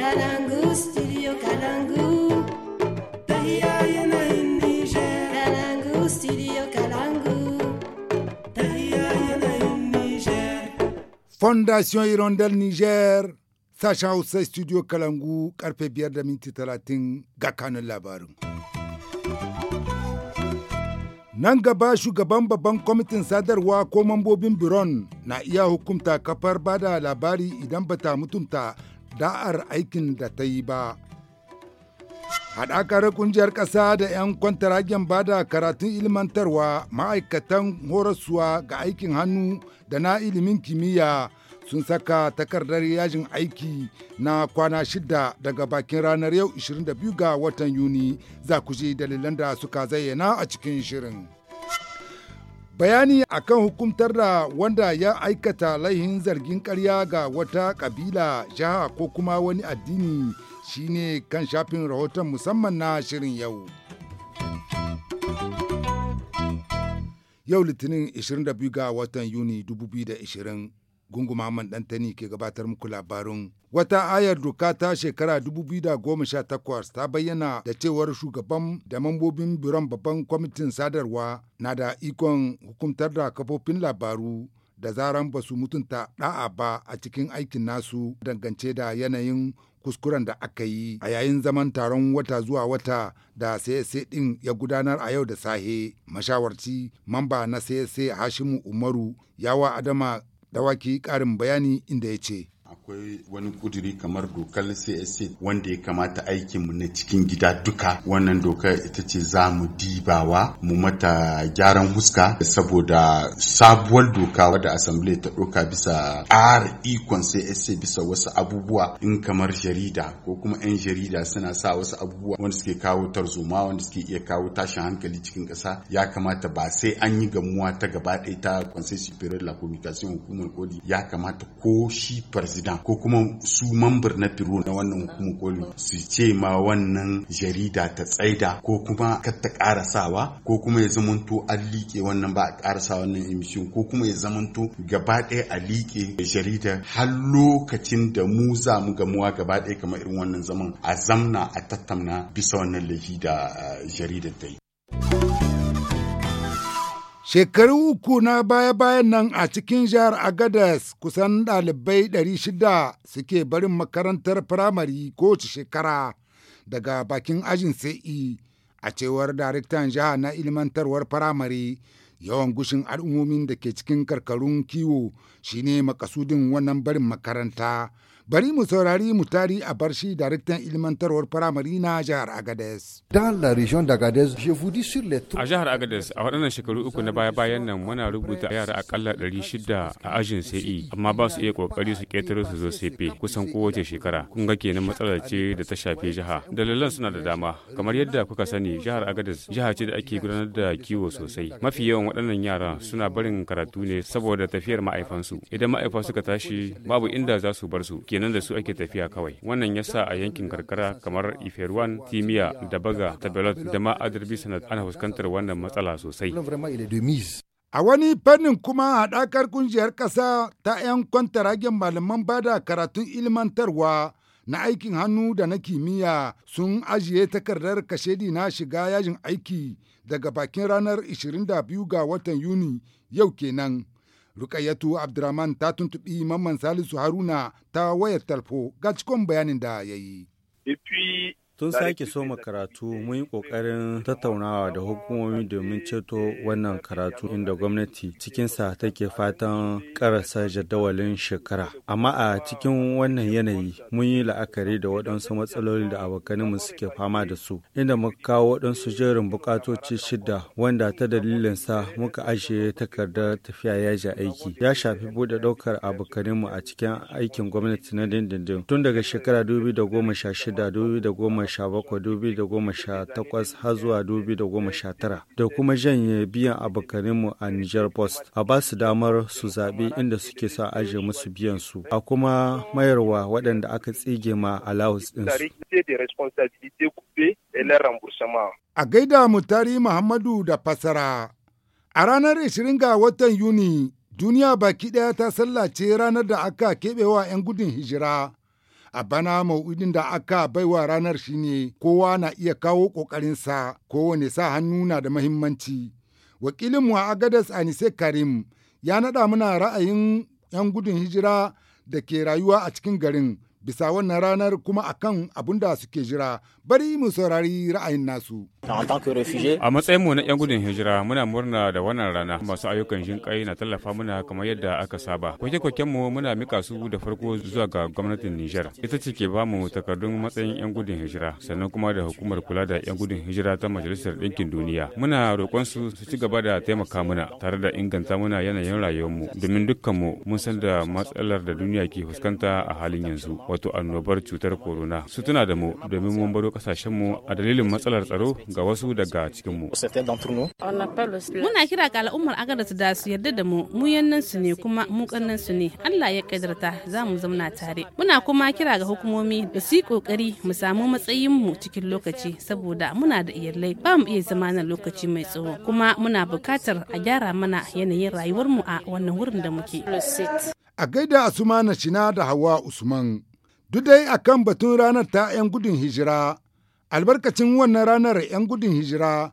Kalangu, studio Fondation Hirondelle Niger. sacha Hausa Studio Kalangu karfe biyar da minti talatin ga kanun labaru. Nan gaba shugaban babban kwamitin sadarwa ko mambobin Biron na iya hukunta kafar bada labari idan bata mutunta da'ar aikin da ta yi ba. Haɗakar kungiyar ƙasa da 'yan kwantaragen ba da karatun ilmantarwa ma'aikatan horaswa ga aikin hannu da na ilimin kimiyya sun saka takardar yajin aiki na kwana shida daga bakin ranar yau 22 ga watan Yuni za ku ji dalilan da suka zayyana a cikin shirin. bayani akan hukumtar da wanda ya aikata laihin zargin karya ga wata kabila jiha ko kuma wani addini shine kan shafin rahoton musamman na shirin yau yau litinin 22 ga watan yuni 2020 gunguma man ɗantani ke gabatar muku labarin Wata ayar doka ta shekara 2018 ta bayyana da cewar shugaban da mambobin biron babban kwamitin sadarwa na da ikon hukumtar da kafofin labaru da zaran ba su mutunta ɗa'a ba a cikin aikin nasu dangance da yanayin kuskuren da aka yi a yayin zaman taron wata zuwa wata da CSA ɗin ya gudanar a yau da sahe mashawarci mamba na CSA Hashimu Umaru yawa Adama Dawaki ƙarin bayani inda ya ce. akwai wani kuduri kamar dokar csc wanda ya kamata aikinmu na cikin gida duka wannan dokar ita ce za mu dibawa mu mata gyaran huska saboda sabuwar doka wadda assembly ta doka bisa ƙara ikon csc bisa wasu abubuwa in kamar jarida ko kuma 'yan jarida suna sa wasu abubuwa wanda suke kawo tarzoma wanda suke iya kawo tashin hankali cikin ƙasa ya kamata ba sai an yi gamuwa ta gaba ɗaya ta conseil superior de la communication hukumar koli ya kamata ko shi president ko kuma su mambar na biro na wannan hukumar koli su ce ma wannan jarida ta tsaida ko kuma ka ta karasawa ko kuma ya zamanto an liƙe wannan ba a karasa wannan emission ko kuma ya zamanto gaba ɗaya a liƙe jarida har lokacin da mu za mu gamuwa gaba ɗaya kamar irin wannan zaman a zamna a tattamna bisa wannan laifi da eh, jaridar ta yi. Shekaru uku na baya-bayan nan a cikin jihar Agadez kusan ɗalibai 600 suke barin makarantar firamare kowace shekara daga bakin ajin sai e. a cewar daraktan jiha na ilimantarwar firamare yawan gushin al'ummomin da ke cikin karkarun kiwo shine makasudin wannan barin makaranta Bari mu saurari mu tari a barshi daraktan ilmantarwar firamare na jihar Agadez. A jihar Agadez a waɗannan shekaru uku na baya-bayan nan muna rubuta yara akalla shida a ajin sai e, amma ba su iya kokari su ketare su zo sefe kusan kowace shekara. Kun ga kenan matsalar ce da ta shafi jiha. Dalilan suna da dama kamar yadda kuka sani jihar Agadez jiha ce da ake gudanar da kiwo sosai. Mafi yawan waɗannan yara suna barin karatu ne saboda tafiyar ma'aifansu. Idan ma'aifa suka tashi babu inda za su bar su. kenan da su ake tafiya kawai wannan ya sa a yankin karkara kamar iferuwan timiya da baga ta belot da ma adarbi sanad ana fuskantar wannan matsala sosai A wani fannin kuma haɗakar kungiyar kasa ta 'yan kwantaragen malaman bada karatun ilmantarwa na aikin hannu da na kimiyya sun ajiye takardar kashedi na shiga yajin aiki daga bakin ranar 22 ga watan Yuni yau kenan. Rukayatu Abdurrahman ta tuntuɓi Mamman Salisu Haruna ta wayar talfo ga cikon bayanin da ya yi. Tun sake soma karatu mun yi ƙoƙarin tattaunawa da hukumomi domin ceto wannan karatu inda gwamnati cikinsa take fatan karasa jadawalin shekara. Amma a cikin wannan yanayi mun yi la'akari da waɗansu matsaloli da abokanmu suke fama da su inda muka kawo waɗansu jerin bukatoci shida wanda ta dalilin sa muka ajiye takardar tafiya yaji aiki. Ya shafi buɗe ɗaukar abokanmu a cikin aikin gwamnati na dindindin tun daga shekara 2016 2017 2017-2018 har zuwa 2019 da kuma janye biyan abokaninmu a Niger Post a ba su damar su zaɓi inda suke sa aje musu biyan su a kuma mayarwa waɗanda aka tsige ma allowance ɗinsu. A gaida mu tari Muhammadu da fasara. A ranar 20 ga watan Yuni, duniya baki ɗaya ta sallace ranar da aka keɓewa 'yan gudun hijira A bana mau'idin da aka baiwa ranar shi ne kowa na iya kawo ƙoƙarinsa kowane sa hannu na da mahimmanci. Wakilinmu a Agadas Anise Karim ya naɗa mana ra'ayin 'yan gudun hijira da ke rayuwa a cikin garin. bisa wannan ranar kuma akan abin da suke jira bari mu saurari ra'ayin nasu. A matsayin mu na 'yan gudun hijira muna murna da wannan rana masu ayyukan jin kai na tallafa muna kamar yadda aka saba. Kwake-kwaken mu muna mika su da farko zuwa ga gwamnatin Nijar. Ita ce ke ba mu takardun matsayin 'yan gudun hijira sannan kuma da hukumar kula da 'yan gudun hijira ta Majalisar Ɗinkin Duniya. Muna roƙon su su ci gaba da taimaka muna tare da inganta muna yanayin mu. domin dukkan mu mun san da matsalar da duniya ke fuskanta a halin yanzu. wato annobar cutar corona su tuna da mu domin mun baro kasashenmu a dalilin matsalar tsaro ga wasu daga cikinmu. Muna kira ga al'ummar agarata da su yarda da mu mu yannan su ne kuma mu kannan su ne Allah ya kaddarta za mu zauna tare. Muna kuma kira ga hukumomi da su kokari mu samu matsayin mu cikin lokaci saboda muna da iyalai ba mu iya zama na lokaci mai tsawo kuma muna bukatar a gyara mana yanayin rayuwar mu a wannan wurin da muke. A gaida Asumana Shina da Hawa Usman. Duk dai a kan batun ranar ta 'yan gudun hijira, albarkacin wannan ranar 'yan gudun hijira,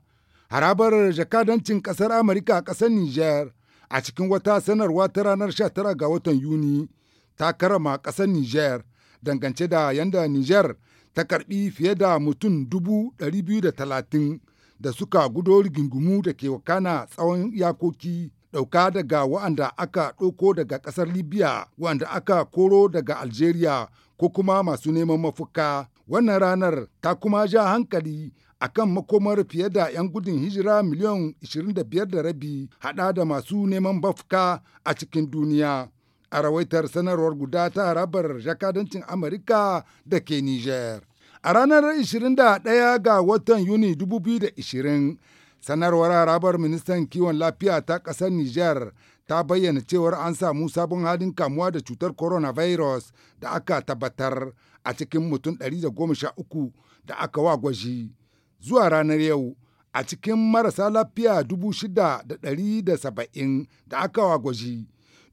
harabar jakadancin ƙasar Amurka a ƙasar niger a cikin wata sanarwa ta ranar 19 ga watan Yuni ta karama ƙasar niger dangance da yanda niger ta karbi fiye da mutum 230 da suka gudo rigingumu da ke wakana tsawon yakoki ɗauka daga wa'anda aka ɗauko daga ƙasar Libya, wa'anda aka koro daga Algeria ko kuma masu neman mafuka. Wannan ranar ta kuma ja hankali akan makomar fiye da 'yan gudun hijira miliyan 25 da rabi hada da masu neman mafuka a cikin duniya. A rawaitar sanarwar guda ta harabar jakadancin Amurka da ke Niger. A ranar 21 ga watan Yuni 2020, sanarwar harabar ministan kiwon lafiya ta ƙasar Niger. ta bayyana cewar an samu sabon halin kamuwa da cutar coronavirus da aka tabbatar a cikin mutum 113 da aka wa gwaji. Zuwa ranar yau, a cikin marasa lafiya 6,170 da aka wa gwaji,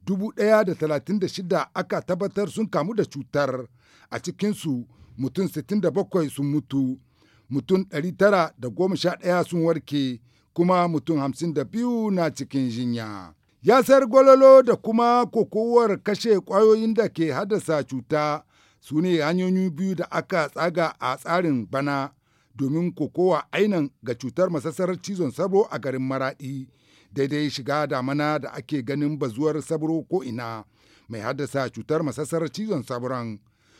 1,036 aka tabbatar sun kamu da cutar, a cikinsu mutum 67 sun mutu, mutum 911 sun warke, kuma mutum 52 na cikin jinya. Yasar gwalolo da kuma kokowar kashe ƙwayoyin da ke haddasa cuta su ne hanyoyi biyu da aka tsaga a tsarin bana domin kokowa ainan ga cutar masassarar cizon sabro a garin maraɗi daidai shiga damana da ake ganin bazuwar sabro ko ina mai haddasa cutar masassarar cizon sabron.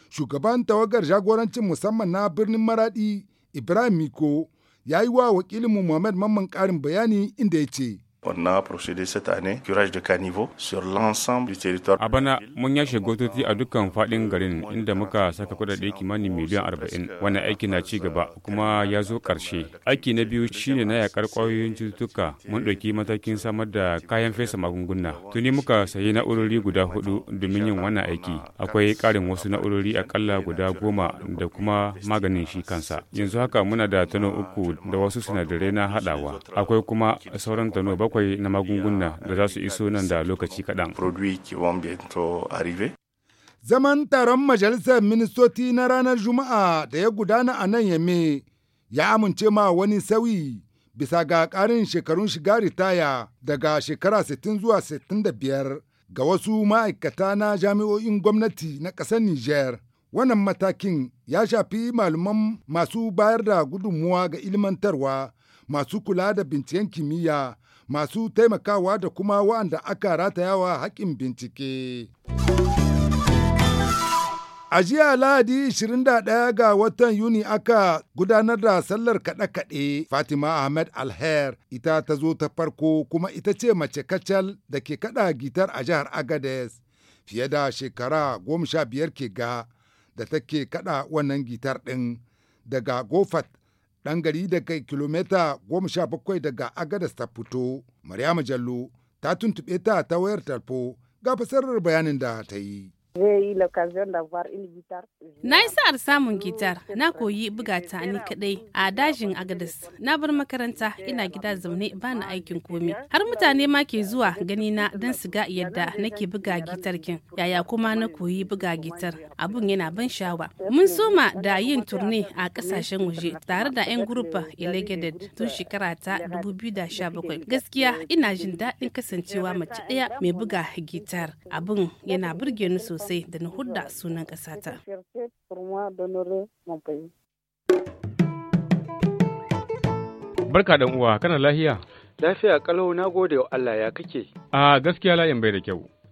Shugaban tawagar jagorancin musamman na birnin maraɗi Ibrahim Miko ya yi wa wakilinmu Muhammad Mamman ƙarin bayani inda ya ce. On a procédé cette année curage de caniveau sur l'ensemble du territoire. A bana mun yashe gototi a dukkan fadin garin inda muka saka kudade kimanin miliyan 40. Wannan aiki na ci gaba kuma ya zo karshe. Aiki na biyu shine na yakar kwayoyin cututtuka. Mun ɗauki matakin samar da kayan fesa magunguna. Tuni muka sayi na'urori guda hudu domin yin wannan aiki. Akwai karin wasu na'urori akalla guda goma da kuma maganin shi kansa. Yanzu haka muna da tano uku da wasu sinadarai na hadawa. Akwai kuma sauran tano bakwai bakwai na magunguna da za su iso nan da lokaci kaɗan. Zaman taron Majalisar Ministoci na ranar Juma'a da ya gudana a nan Yame ya amince ma wani sauyi bisa ga ƙarin shekarun shiga ritaya daga shekara 60 zuwa 65 ga wasu ma'aikata na jami'o'in gwamnati na ƙasar Nijar. Wannan matakin ya shafi malaman masu bayar da gudunmuwa ga ilmantarwa, masu kula da binciken kimiyya, masu taimakawa da kuma wa'anda aka ratayawa haƙƙin bincike. A jiya Lahadi 21 ga watan Yuni aka gudanar da sallar kaɗe-kaɗe Fatima Ahmed Alher ita ta zo ta farko kuma ita ce mace kacal da ke kaɗa gitar a jihar Agades fiye da shekara goma sha biyar ke ga da take kaɗa wannan gitar ɗin daga Gofat ɗan gari da kai kilomita goma sha bakwai daga agadas ta fito maryamu jallo ta tuntuɓe ta ta wayar talfo ga fasarar bayanin da ta yi. Na yi sa'ar samun gitar, na koyi ta ni kadai a dajin Agadis. Na bar makaranta ina gida zaune ba na aikin komi. Har mutane ma ke zuwa gani na don su ga yadda nake buga gitar kin. Yaya kuma na koyi buga gitar. Abun yana ban shawa. Mun soma da yin turne a kasashen waje tare da 'yan gurupa Illegated tun shekara ta bakwai Gaskiya ina jin daɗin kasancewa mace ɗaya mai buga gitar. Abun yana burge ni sosai. Faransai da na hudda sunan ƙasata. Barka dan uwa kana lahiya? Lafiya kalau na gode wa Allah ya kake. A gaskiya layin bai da kyau.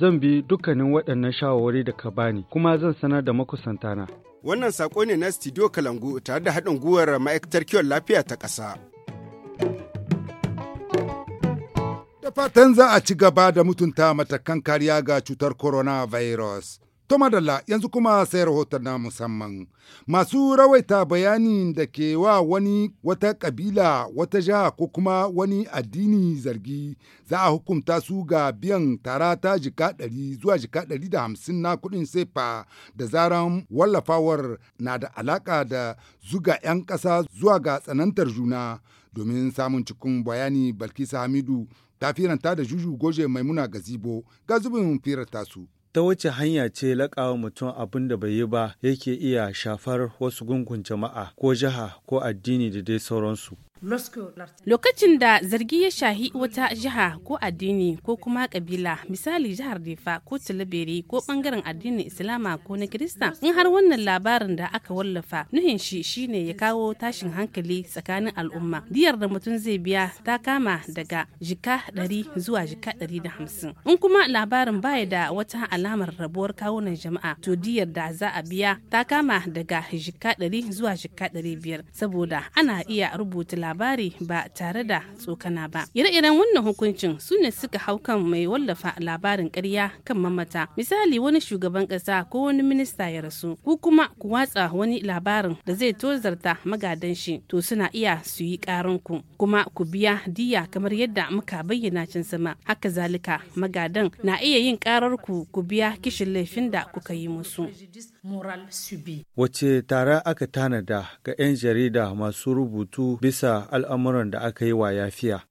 zan bi dukkanin waɗannan shawarwari da ka bani kuma zan sanar da makusantana. Wannan saƙo ne na Studio Kalangu tare da haɗin gwiwar ma'aikatar kiwon lafiya ta ƙasa. Da fatan za a ci gaba da mutunta matakan kariya ga cutar coronavirus. To yanzu kuma sai rahoton na musamman. Masu rawaita bayani da ke wa wani wata kabila wata jiha ko kuma wani addini zargi za a hukunta su ga biyan tara ta jika ɗari zuwa jika ɗari da hamsin na kuɗin sefa da zaran wallafawar na da alaƙa da zuga 'yan ƙasa zuwa ga tsanantar juna domin samun cikin bayani Balkisa Hamidu ta firanta da Juju Goje Maimuna Gazibo ga zubin firanta su. ta wace hanya ce laƙawa mutum abin da bai yi ba yake iya shafar wasu gungun jama'a ko jiha ko addini da dai sauransu. Lokacin da zargi ya shahi wata jiha ko addini ko kuma kabila misali jihar Defa ko Tilibiri ko bangaren addinin Islama ko na Kirista in har wannan labarin da aka wallafa nuhin shi shine ya kawo tashin hankali tsakanin al'umma. Diyar da mutum zai biya ta kama daga jika 100 zuwa jika 150. In kuma labarin baya da wata alamar rabuwar kawunan jama'a to diyar da za a biya ta kama daga jika 100 zuwa jika 500 saboda ana iya rubuta labarin labari ba tare da tsokana ba ire-iren wannan hukuncin su ne suka hau kan mai wallafa labarin karya kan mamata misali wani shugaban ƙasa ko wani minista ya rasu ko kuma ku watsa wani labarin da zai tozarta magadan shi to suna iya su yi ku kuma ku biya diya kamar yadda muka bayyana can sama haka zalika magadan na iya yin ƙarar ku ku biya kishin laifin da kuka yi musu wace tara aka tanada ga 'yan jarida masu rubutu bisa al'amuran da aka yi wa yafiya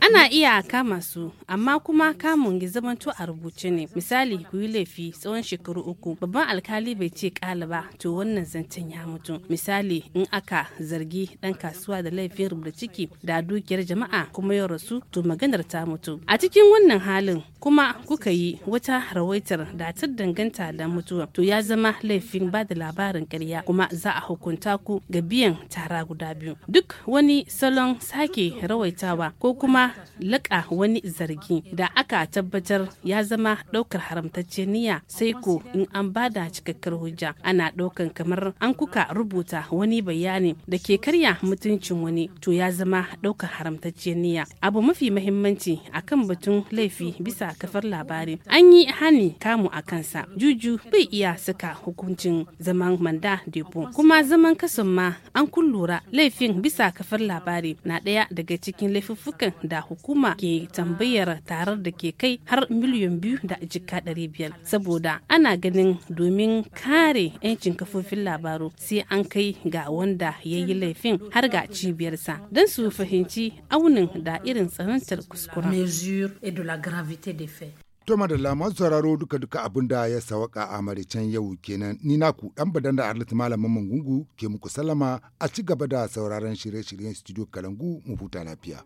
Ana iya kama su, amma kuma kamun gizamanto a rubuce ne. Misali, ku yi laifi tsawon shekaru uku, babban alkali bai ce ƙala ba, to wannan zancen ya mutu. Misali, in aka zargi ɗan kasuwa da laifin rubuta ciki da dukiyar jama'a kuma ya rasu, to maganar ta mutu. A cikin wannan halin, kuma kuka yi wata rawaitar da ta danganta da mutuwa, to ya zama laifin ba da labarin karya kuma za a hukunta ku ga biyan tara guda biyu. Duk wani salon sake rawaitawa ko kuma laƙa wani zargi da aka tabbatar ya zama ɗaukar haramtacce niyya sai ko in an bada cikakkar hujja ana ɗaukan kamar an kuka rubuta wani bayani da ke karya mutuncin wani to ya zama ɗaukar haramtacce niyya abu mafi mahimmanci akan batun laifi bisa kafar labari an yi hani kamu a kansa juju bai iya saka hukuncin zaman manda depo kuma zaman kasan ma an kullura laifin bisa kafar labari na ɗaya daga cikin laifuffukan da hukuma ke tambayar tarar da ke kai har miliyan biyu da jika ɗari biyar saboda ana ganin domin kare 'yancin kafofin labaru sai an kai ga wanda ya yi laifin har ga cibiyarsa don su fahimci aunin da irin tsanantar kuskuren. To madalla masu sauraro duka duka abin da ya sawaka a maricen yau kenan ni naku dan badan da Arlit malamin Mangungu ke muku sallama a ci gaba da sauraron shirye-shiryen studio Kalangu mu huta lafiya.